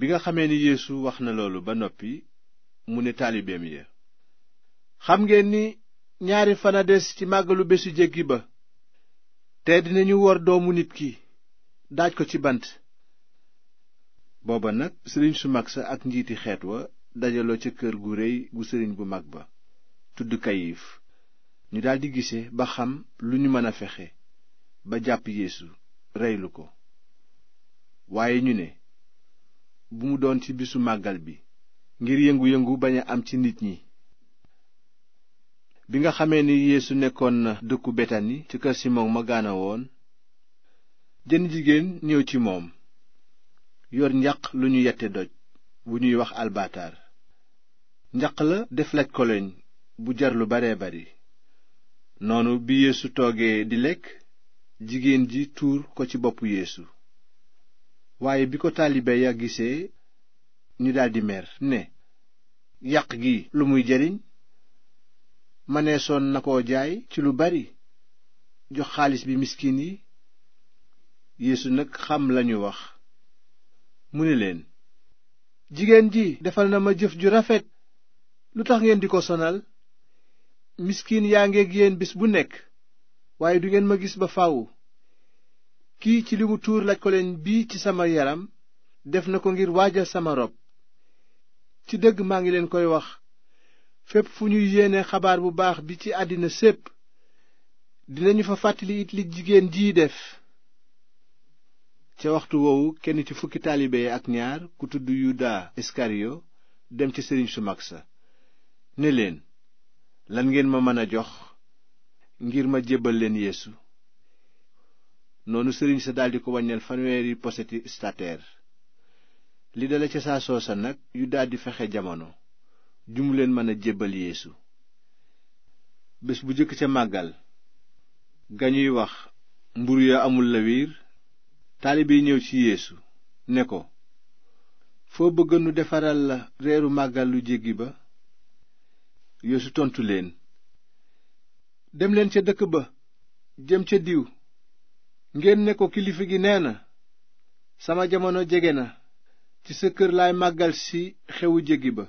bi nga xamee ni yéesu wax na loolu ba noppi mu ne taalibeem ya xam ngeen ni ñaari fan a des ci màggalu bésu jéggi ba te dinañu wor doomu nit ki daaj ko ci bant booba nag sëriñ su mag sa ak njiiti xeet wa dajaloo ca kër gu réy gu sëriñ bu mag ba tudd kayif ñu daldi gise ba xam lu ñu mën a fexe ba jàpp yeesu reylu ko waaye ñu ne bu mu doon ci bisu màggal bi ngir yëngu-yëngu bañ a am ci nit ñi bi nga xamee ni yeesu nekkoon na dëkku betani ci kër simon ma gaana woon jën jigéen ñëw ci moom yor njaq lu ñu yette doj bu ñuy wax albaataar njaq la def laj koloñ bu jar lu bare bari noonu bi yeesu toogee di lekk jigéen ji tuur ko ci boppu yéesu waaye bi ko taalibe ya gisee ñu daldi mer ne yàq gi lu muy jariñ maneesoon na koo jaay ci lu bari jox xaalis bi miskin yi yéesu nag xam lañu wax mu ne leen jigéen ji defal na ma jëf ju rafet lu tax ngeen di ko sonal miskin yaa ngeeg yéen bis bu nekk waaye du ngeen ma gis ba faw kii ci li mu tuur lajkoleen bii ci sama yaram def na ko ngir waaja sama rob ci dëgg maa ngi leen koy wax fépp fu ñuy yéene xabaar bu baax bi ci àddina sépp dinañu fa fàttali it li jigéen jii def ca waxtu woowu kenn ci fukki taalibe yi ak ñaar ku tudd yuda iskariyo dem ci sëriñ su mag sa ni leen lan ngeen ma mën a jox ngir ma jébbal leen yéesu noonu sëriñ sa daldi ko wàññeel fanweeri poseti stater li dale ca saa soosa nag yu daldi fexe jamono jumu leen mën a jébbal yéesu bés bu jëkk ca màggal ga ñuy wax mburu ya amul la wiir taalibe yi ñëw ci yéesu ne ko foo bëgg nu defaral la reeru màggal lu jéggi ba yeesu tontu leen dem leen ca dëkk ba jëm ca diw ngeen ne ko kilifa gi nee na sama jamono jege na ci sa kër laay màggal si xewu jéggi ba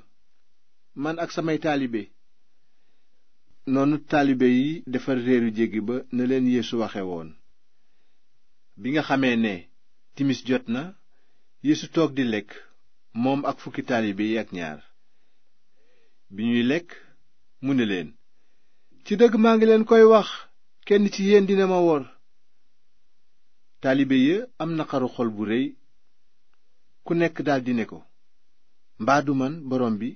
man ak samay taalibe noonu taalibe yi defar réeru jéggi ba na leen yéesu waxe woon bi nga xamee ne timis jot na yeesu toog di lekk moom ak fukki taalibe yi ak ñaar bi ñuy lekk mu ne leen ci dëgg maa ngi leen koy wax kenn ci yéen dina ma wor taalibe ya am naqaru xol bu réy ku nekk daldi ne ko mbaa du man borom bi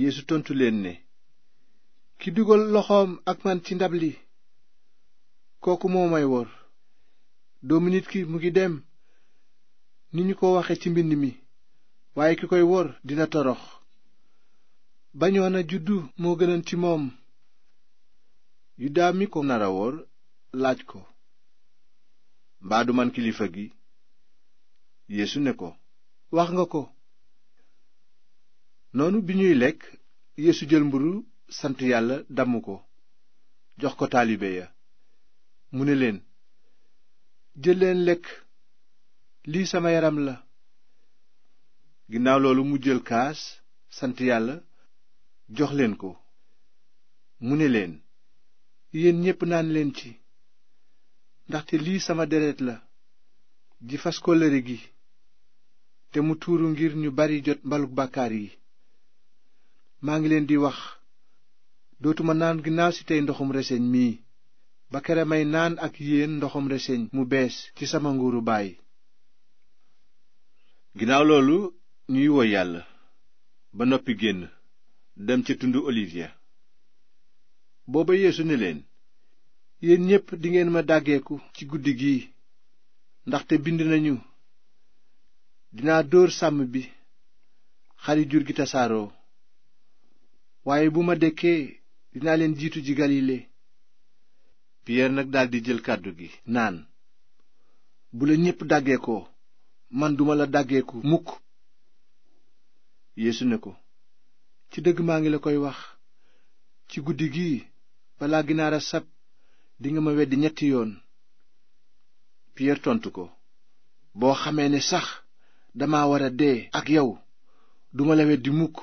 yéesu tontu leen ne ki dugal loxoom ak man ci ndab li kooku moo may wor doomu nit ki mu ngi dem ni ñu ko waxe ci mbind mi waaye ki koy wor dina torox bañoon a juddu moo gënoon ci moom yudaa mi ko nara laaj ko mbaa du man kilifa gi yeesu ne ko wax nga ko noonu bi ñuy lekk yeesu jël mburu sant yàlla damm ko jox ko taalibe ya mu ne leen jël leen lekk lii sama yaram la ginnaaw loolu mu jël kaas sant yàlla jox leen ko mu ni leen yéen ñépp naan leen ci ndaxte lii sama deret la ji fas kóllëre gi te mu tuuru ngir ñu bari jot mbalug bàkkaar yi maa ngi leen di wax dootuma naan ginnaaw si tey ndoxum reseñ mii ba kere may naan ak yéen ndoxum reseñ mu bees ci sama nguuru baay ginnaaw loolu ñuy woy yàlla ba noppi génn dem ca tundu olivier booba leen yéen ñépp dingeen ma dàggeeku ci guddi gii ndaxte bind nañu dinaa dóor sàmm bi xari jur gi tasaaroo waaye bu ma dekkee dinaa leen jiitu ji galile piyeer nag daldi jël kàddu gi naan bu la ñépp dàggeekoo man duma la dàggeeku mukk yéesu ne ko ci dëgg maa ngi la koy wax ci guddi gii balaa ginaar a sab dinga ma weddi ñetti yoon piyeer tontu ko boo xamee ne sax dama war a dee ak yow duma la di mukk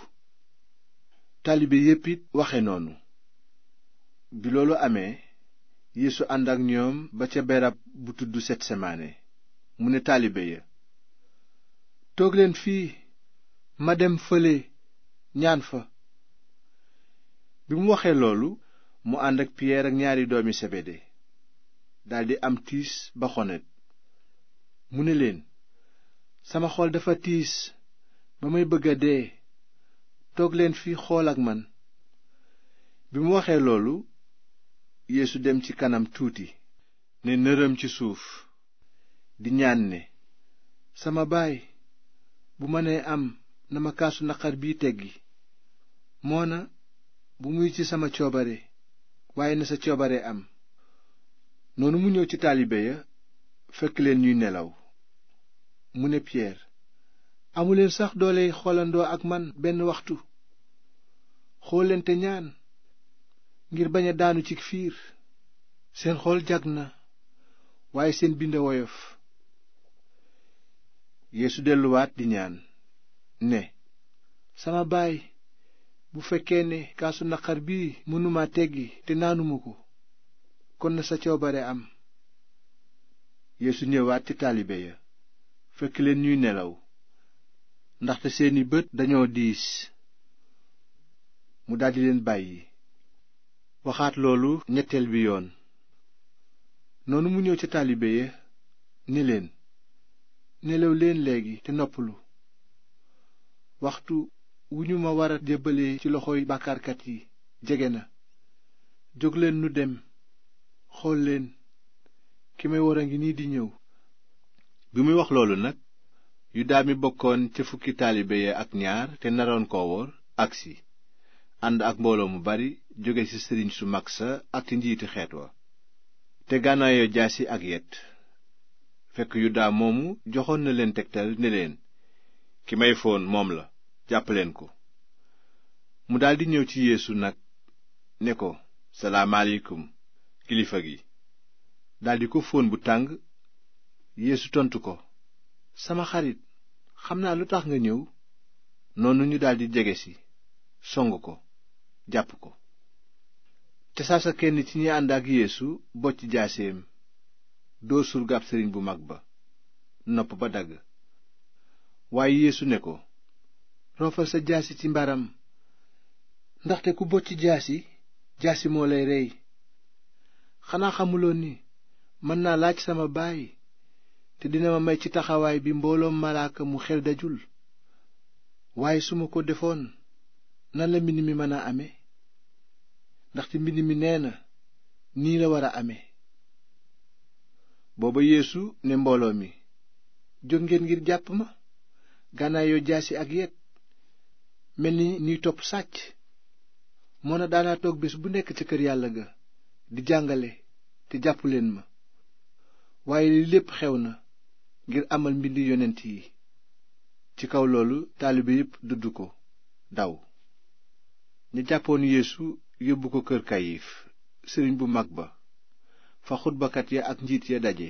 taalibe yépp it waxe noonu bi loolu amee yéesu ànd ak ñoom ba ca berab bu tudd setsemaane mu ne taalibe ya toog leen fii ma dem fële ñaan fa bi mu waxee loolu mu ànd ak piyeer ak ñaari doomi sebede daldi am tiis ba xonet mu ne leen sama xol dafa tiis ba may bëgg a dee toog leen fi xool ak man bi mu waxee loolu yéesu dem ci kanam tuuti ne nërëm ci suuf di ñaan ne sama baay bu ma nee am na ma kaasu naqar bii teggi moona bu muy ci sama coobare waaye na sa coobare am noonu mu ñëw ci taalibe ya fekk leen ñuy nelaw mu ne Pierre amuleen sax doole xoolandoo ak man benn waxtu xoolleen te ñaan ngir bañ a daanu ci fiir seen xool jag na waaye seen bind woyof yéesu delluwaat di ñaan ne sama baay bu fekkee ne kaasu naqar bii mënuma teggi te naanuma ko kon na sa coobare am yeesu ñëwaat ci taalibe ya fekk leen yuy nelaw ndaxte seeni bët dañoo diis mu daldi leen bàyyi waxaat loolu ñetteel bi yoon noonu mu ñëw ca taalibe ya ni leen nelaw leen léegi te noppalu wu ñu ma war a jébbalee ci loxoy bàkkaarkat yi jege na jógleen nu dem xool leen ki may war a ngi nii di ñëw bi muy wax loolu nag yudaa mi bokkoon ca fukki taalibe ya ak ñaar te naroon koo wóor agsi ànd ak mbooloo mu bari jóge ci sëriñ su mag sa ak ci njiiti xeet wa te gànnaayoo jaasi ak yet fekk yudaa moomu joxoon na leen tegtal ne leen ki may foon moom la jàppaleen ko mu daldi ñëw ci yéesu nag ne ko salaamaaleykum kilifa gi daldi ko fóon bu tàng yéesu tontu ko sama xarit xam naa lu tax nga ñëw noonu ñu daldi jege si song ko jàpp ko te saa sa kenn ci ñi ànd ak yeesu bocc jaaseem dóor surgaab sëriñ bu mag ba nopp ba dagg waaye yéesu ne ko roofal sa jaasi ci mbaram ndaxte ku bocc jaasi jaasi moo lay rey xanaa xamuloo ni mën naa laaj sama baay te dina ma may ci taxawaay bi mbooloo malaaka mu xel dajul waaye su ma ko defoon nan la mbind mi mën a ame ndaxte mbind mi nee na nii la war a ame booba yéesu ne mbooloo mi jóg ngeen ngir jàpp ma gànnaayoo jaasi ak yet mel ni ñuy topp sàcc moo na daanaa toog bés bu nekk ca kër yàlla ga di jàngale te jàpp leen ma waaye li lépp xew na ngir amal mbindi yonent yi ci kaw loolu taalibe yépp dudd ko daw ñu jàppoon yeesu yóbbu ko kër kayif sëriñ bu mag ba fa xutbakat ya ak njiit ya daje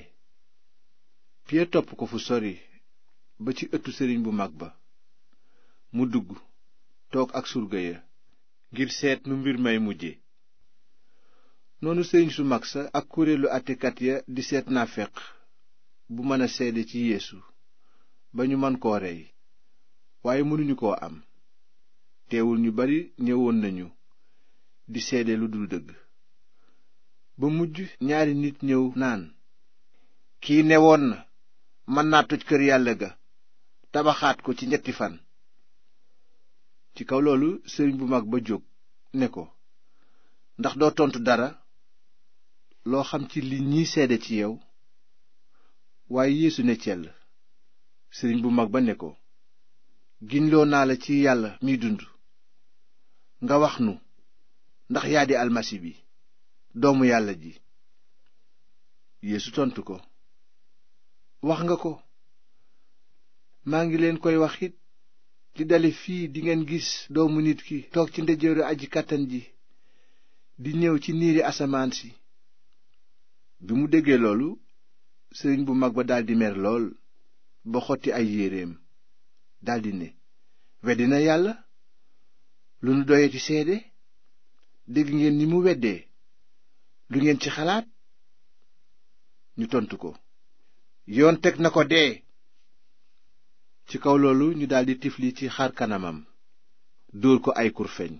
piyeer topp ko fu sori ba ci ëttu sëriñ bu mag ba mu dugg toog ak surga ya ngir seet nu mbir may mujje noonu sëriñ su mag sa ak kuréelu àttekat ya di seet naa feq bu mën a seede ci yeesu ba ñu man koo rey waaye mënuñu koo am teewul ñu bari ñëwoon nañu di seede lu dul dëgg ba mujj ñaari nit ñëw naan kii newoon na mën naa toj kër yàlla ga tabaxaat ko ci ñetti fan ci kaw loolu sëriñ bu mag ba jóg ne ko ndax doo tontu dara loo xam ci li ñiy seede ci yow waaye yeesu ne cell sëriñ bu mag ba ne ko giñloo naa la ci yàlla miy dund nga wax nu ndax yaa di almasi bi doomu yàlla ji yeesu tontu ko wax nga ko maa ngi leen koy wax li dale fii dingeen gis doomu nit ki toog ci ndeyjooru aji kàttan ji di ñëw ci niiri asamaan si bi mu déggee loolu sëriñ bu mag ba daldi mer lool ba xotti ay yéreem daldi ne weddi yàlla lu nu doyati seede dégg ngeen ni mu weddee lu ngeen ci xalaat ñu tontu ko yoon teg na ko dee ci kaw loolu ñu daldi tifli ci xar kanamam dóor ko ay kurfeñ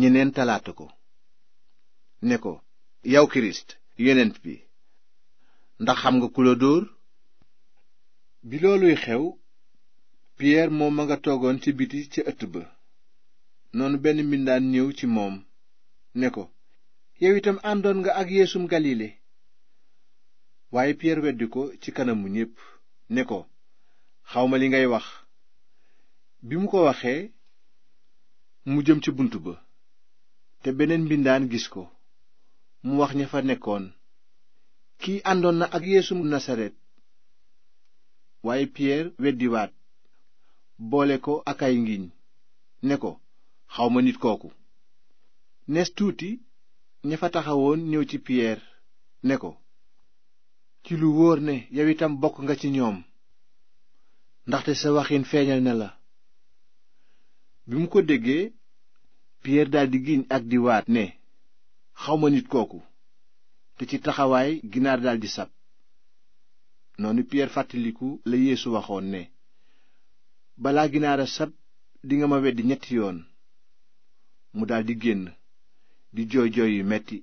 ñeneen talaata ko ne ko yow kirist yeneen bi ndax xam nga ku la dóor bi looluy xew piyeer moom ma nga toogoon ci biti ca ëtt ba noonu benn mbindaan ñëw ci moom ne ko yow itam àndoon nga ak yeesum galile waaye piyeer weddi ko ci kanamu ñépp ne ko xawma li ngay wax bi mu ko waxee mu jëm ca bunt ba te beneen mbindaan gis ko mu wax ña fa nekkoon kii àndoon na ak yeesu nasaret waaye piyeer weddiwaat boole ko ak ay ngiñ ne ko xawma nit kooku nees tuuti ña fa taxawoon ñëw ci piyeer ne ko ci lu wóor ne yow itam bokk nga ci ñoom ndaxte sa waxin feeñal na la bi mu ko déggee Pierre daldi giñ ak di waat ne xawma nit kooku te ci taxawaay ginaar daldi sab noonu Pierre fàttaliku la Yeesu waxoon ne balaa ginaar a sab dinga ma weddi ñetti yoon mu daldi génn di jooy jooy yu metti